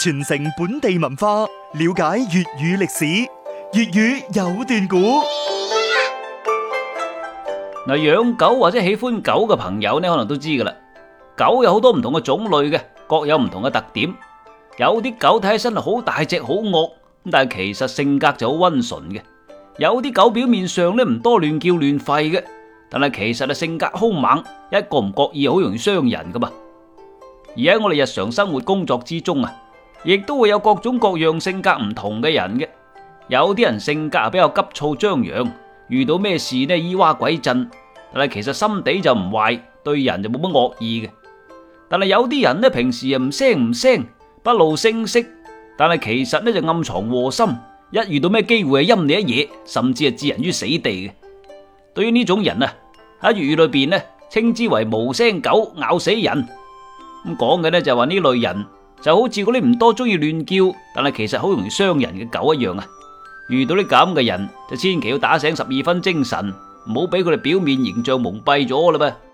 傳承本地文化，了解粵語歷史。粵語有段古，嗱，養狗或者喜歡狗嘅朋友呢，可能都知噶啦。狗有好多唔同嘅種類嘅，各有唔同嘅特點。有啲狗睇起身好大隻、好惡，咁但係其實性格就好溫順嘅。有啲狗表面上呢唔多亂叫亂吠嘅，但係其實嘅性格凶猛，一個唔覺意好容易傷人噶嘛。而喺我哋日常生活工作之中啊。亦都會有各種各樣性格唔同嘅人嘅，有啲人性格啊比較急躁張揚，遇到咩事呢咿哇鬼震，但係其實心底就唔壞，對人就冇乜惡意嘅。但係有啲人呢平時又唔聲唔聲，不露聲色，但係其實呢就暗藏禍心，一遇到咩機會係陰你一嘢，甚至係置人於死地嘅。對於呢種人啊，喺粵語裏邊呢稱之為無聲狗，咬死人，咁講嘅呢就係話呢類人。就好似嗰啲唔多中意亂叫，但係其實好容易傷人嘅狗一樣啊！遇到啲咁嘅人，就千祈要打醒十二分精神，唔好俾佢哋表面形象蒙蔽咗啦噃。